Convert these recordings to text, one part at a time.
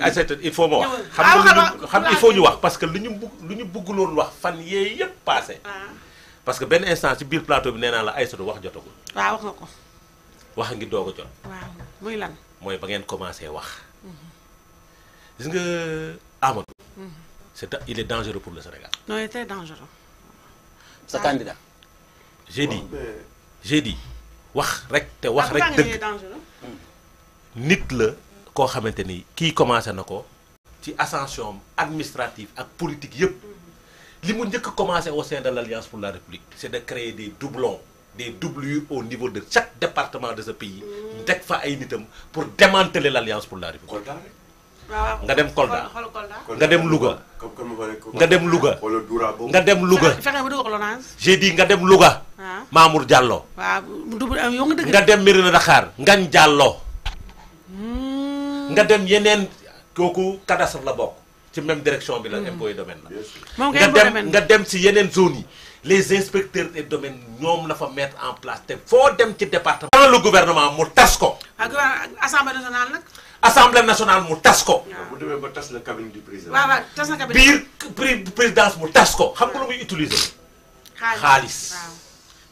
Aïssatou il faut moi. il faut ñu wax parce que lu ñu bugg lu ñu bugguloon wax fan yee yëpp passé. Ah. parce que ben instant ci biir plateau bi nee naa la Aïssatou wax jotagul. waaw wax nga ko. wax ngi doog a jot. waaw muy lan. moy ba ngeen commencer wax. Mhm. gis nga Amadou. Mhm. c'est il est dangereux pour le Sénégal. non il est dangereux. sa candidat. j'ai dit j'ai dit wax rek te wax rek dangereux. nit la qui commence à commencer commencé ascension administrative et politique Ce qui a commencé au sein de l'Alliance pour la république c'est de créer des doublons des doublures au niveau de chaque département de ce pays mm. pour démanteler l'alliance pour la république nga dem Kolda nga dem Louga nga dem Louga nga dem Louga j'ai dit nga dem Louga ah. Mamour Diallo nga dem Mérina Dakhar Diallo nga dem yenen cadastre la ci même direction bi la hmm. et domaine nga les inspecteurs des domaines ñom la fa mettre en place dem ci département le gouvernement mu assemblée nationale nak assemblée nationale mu tas ko ah, bu ba cabinet du président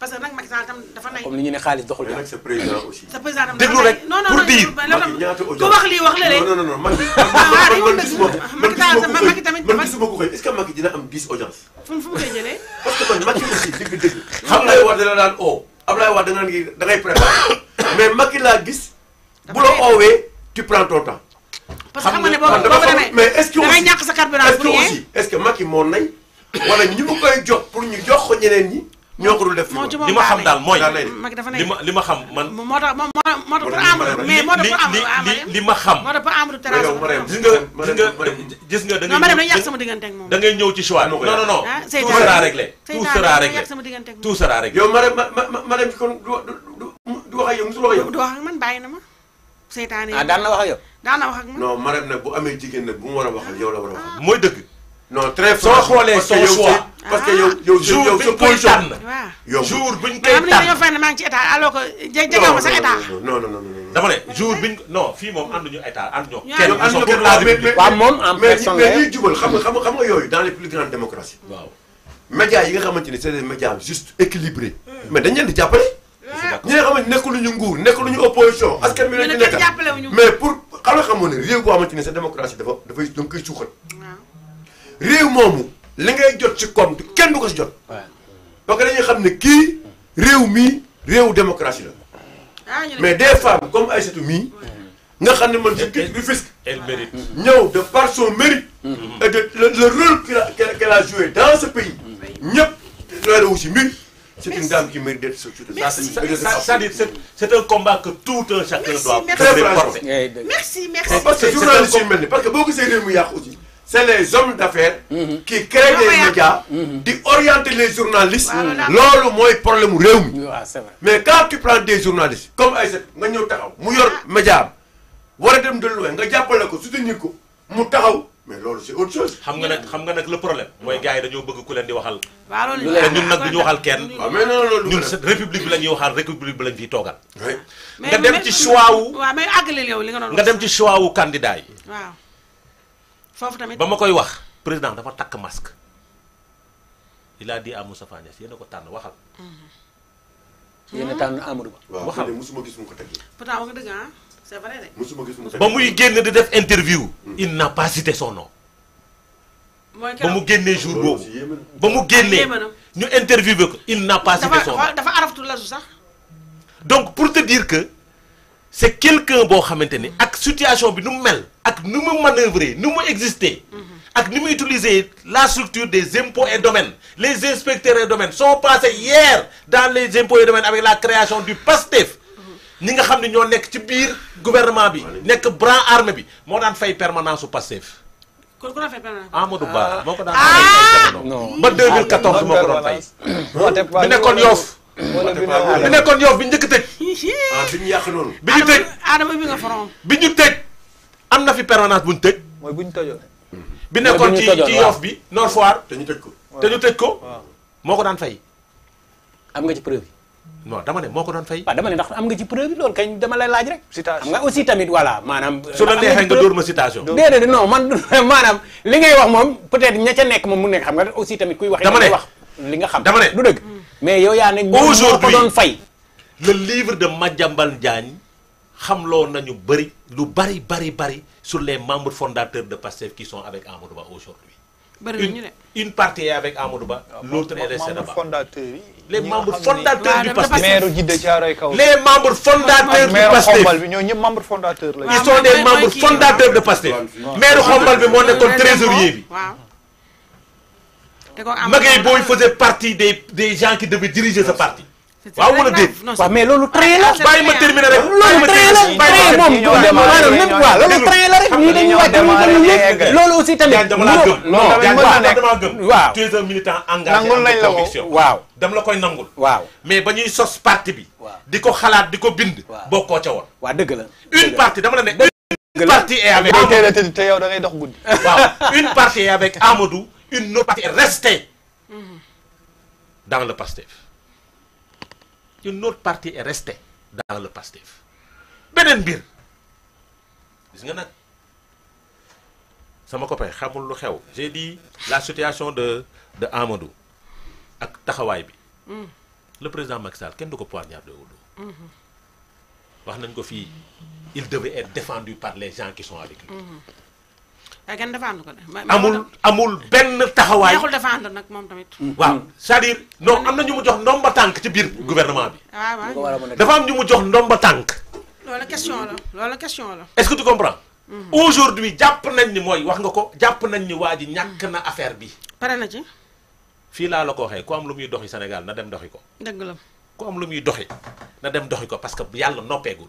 parce que Macky Sall tam dafa nay. comme ni ñu ne xaalis doxul jàmm. mais nag président aussi. sa président tam déglu rek pour dire ko wax li wax lële. non non non Macky man gisuma ko xëy est-ce que Macky dina am 10 audience. fu mu koy jëlee. parce que man Macky aussi dëgg-dëgg. xam nga war dana daan oo Ablaye wax dana ngi da ngay préparer mais Macky la gis. bu la owé tu prends ton temps. parce que xam nga ne boobu boobu mais est-ce que aussi da ngay ñàkk sa carburant bu est-ce que est-ce que Macky moo nay wala ñu mu koy jox pour ñu jox ko ñeneen ñi ñoo ko dul li ma xam daal mooy li ma li ma xam man. moo tax moo moo tax pour am mais moo tax pour am li li ma xam. moo tax pour am lu terrasse nga gis nga gis ma ma Marème kon du du wax wax ak yow. du na ma. seytaane yi ah, daan na wax ak yow. daan na wax ak man non Marème nag bu amee jigéen a wax ak yow la war a wax. Ah. mooy dëgg. soo xoolee son choix parce que ah. yow yow jour jour buñ koy ci état alors que non non non jour non en mais dans les plus grandes démocraties médias yi nga des médias juste équilibrés hmm. mais di nga nguur opposition hmm. mais pour démocratie dafa li ngay jot ci compte kenn ko parce que dañuy ne démocratie ah, mais des femmes comme Aïssatou nga elle mérite. de mérite. Mm-hmm. et le rôle qu'elle a joué dans ce pays. Mm-hmm. c'est une dame qui mérite d'être soutenue. c'est un combat que tout un chacun doit merci merci parce que parce c'est les hommes d'affaires mhm. qui créent les médias qui mhm. orientent les journalistes le mhm. mooy problème mu mais quand tu prends des journalistes comme Aïssat nga ñëw taxaw mu yor ah. média am war a dem nga soutenir ko mu taxaw mais loolu c'est autre chose. xam nga nag xam nga le problème mooy gars yi dañoo bëgg ku leen di waxal te ñun nag duñu waxal kenn ñun république bi la ñuy waxal république bi lañ fiy toogal nga dem ci choix wu nga dem ci choix wu candidat yi waaw foofu tamit ba ma koy wax président dafa takk masque il a dit à Moustapha Niass yéen a ko tànn waxal. yéen a ah. tànn Amadou Ba. waxal waaw man de mosuma gis mu ko teg. pourtant wax nga dëgg ah c'est vrai de. mosuma gis mu ko teg ba muy génn di def interview. Hmm. il n'a pas cité son nom. mooy keroog ba mu génnee jour boobu. ba mu génnee ñu interviewé ko il n'a pas cité son nom dafa dafa araftu la sax. donc pour te dire que c'est quelqu'un boo xamante ni ak. situation nous nu nous mel nous manœuvrer nous exister. Mhm. ak nous utiliser la structure des impôts et domaines les inspecteurs et domaines sont passés hier dans les impôts et domaines avec la création du PASTEF. nous mhm. nga xam ne nek ci gouvernement bi. nek bras armé bi mo fait fay permanence au PASTEF. kon ku la fay Amadou Ba ah. moo dan ah! fay ba 2014 moo ko fait fay. bi nekkoon Yoff. bi yof bi ah bi ñu yàq noonu. bi ñu tëj Adama bi nga forom. bi am na fi permanence bu ñu tëj. mooy bu ñu tojoon. bi nekkoon ci ci bi Nord Foire. te ñu tëj ko te ñu ko. moo ko daan fay. ci preuve yi. non ko daan fay. waaw dama ne ndax am nga ci preuve yi loolu kañ dama lay laaj rek. citation am nga aussi tamit voilà maanaam. Euh, su la neexee nga dóor ma citation. déedéet non man maanaam li ngay wax moom peut-être ña ca nekk moom mu nekk xam nga aussi tamit kuy wax. dama ne li nga xam dama ne du dëgg. mais yow yaa ne. aujourd'hui ñoo ko doon fay. le livre de Madjambal Ndiagne xamloo nañu bari lu bari bari bari sur les membres fondateurs de PASTEF qui sont avec Amadou aujourd'hui une, partie est avec Amadou ah, l'autre est restée là Les membres fondateurs du PASTEF. Les membres fondateurs du PASTEF. Ils sont des membres fondateurs de PASTEF. Maire Khombal bi trésorier bi. Magay Boy faisait partie des gens qui devaient diriger ce parti. waaw wala déet waaw mais loolu trailer. la bàyyi ma terminer rek loolu train la train moom maanaam même waaw loolu train la rek ñii dañuy wàcc ñii dañuy yëg loolu aussi tamit dama laa gëm non dama gëm waaw tu es un militant engagé nangul nañ la conviction waaw dama la koy nangul waaw mais ba ñuy sos parti bi di ko xalaat di ko bind bokkoo ca woon waaw dëgg la une partie dama la ne une partie est avec Amadou te yow da ngay dox guddi waaw une partie est avec Amadou une autre partie est restée mm-hmm. dans le Pastef une autre partie est restée dans le pastif Benen bir. gis nga nag sama copain xamul lu xew j'ai dit la situation de de Amadou ak taxaway bi hmm. le président Maxal, Sall kenn du ko de dire dos hmm. wax nañ ko il devait être défendu par les gens qui sont avec lui hmm waaye eh, kenn ko de. amul amul benn taxawaay neexul dafa ànd nag moom tamit. Hmm. waaw c'est-à-dire non am na ñu mu jox ndomba tànk ci biir gouvernement bi. waaw waaw dafa am ñu mu jox ndomba tànk. loolu question la loolu question la. est-ce que tu comprends. Hmm. aujourd'hui jàpp nañ ni mooy wax nga ko jàpp nañ ni waa ji hmm. ñàkk na affaire bi. pare na ci. fii laa la ko waxee ku am lu muy doxi Sénégal na dem doxi ko. dëgg la ku am lu muy doxi na dem doxi ko parce que yàlla noppeegul.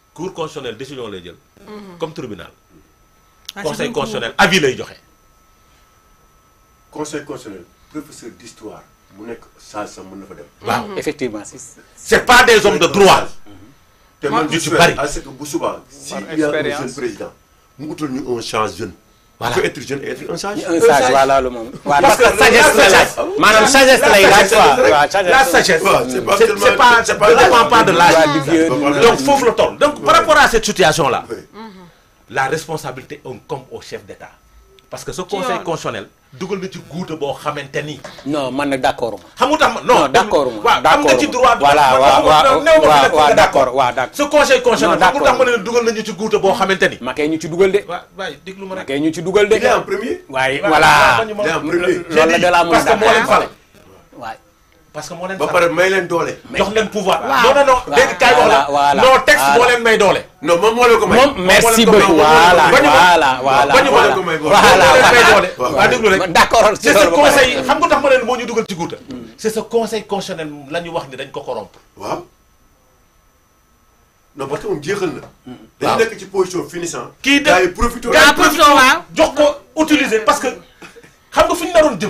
cour constitutionnelle décision lay mhm. comme tribunal. Ah, conseil constitutionnel avis lay conseil constitutionnel professeur d'histoire mu mhm. ça, effectivement c'est pas des hommes de droit. Je y a un jeune président mu on un change jeune voilà il être jeune et être un sage. un sage voilà le moom. parce que sagesse la sagesse. Madame, sagesse il laaj quoi la sagesse. c'est pas c'est pas ça dépend pas de l'âge. donc faut la donc par rapport à cette situation là. la responsabilité incombe au chef d'État. parce que ce conseil constitutionnel. dugal na ci guuta boo xamante ni. non man nag d' accord ma. xamu tax ma non d' accord ma d' accord ma waaw am nga ci droit. voilà waaw waaw waaw d' accord waaw d' accord. conseil conseil nag xamu tax ma ne dugal nañu ci guuta boo xamante ma kay ñu ci dugal de. waaw waay ma rek kay ñu ci dugal de. en premier. waaye voilà. il est en premier loolu la de la mën a parce que moo leen fal. waay. parce que moi je ba pare may pouvoir. non non non Non, non texte moo may non non non, non. merci beaucoup voilà voilà voilà voilà d'accord c'est ce conseil xam nga tax ñu hmm. c'est ce conseil constitutionnel la ñu wax ni dañ non parce que tu jeexal na. Hmm. ci position finissant. Qui de yi profité jox utiliser parce que xam nga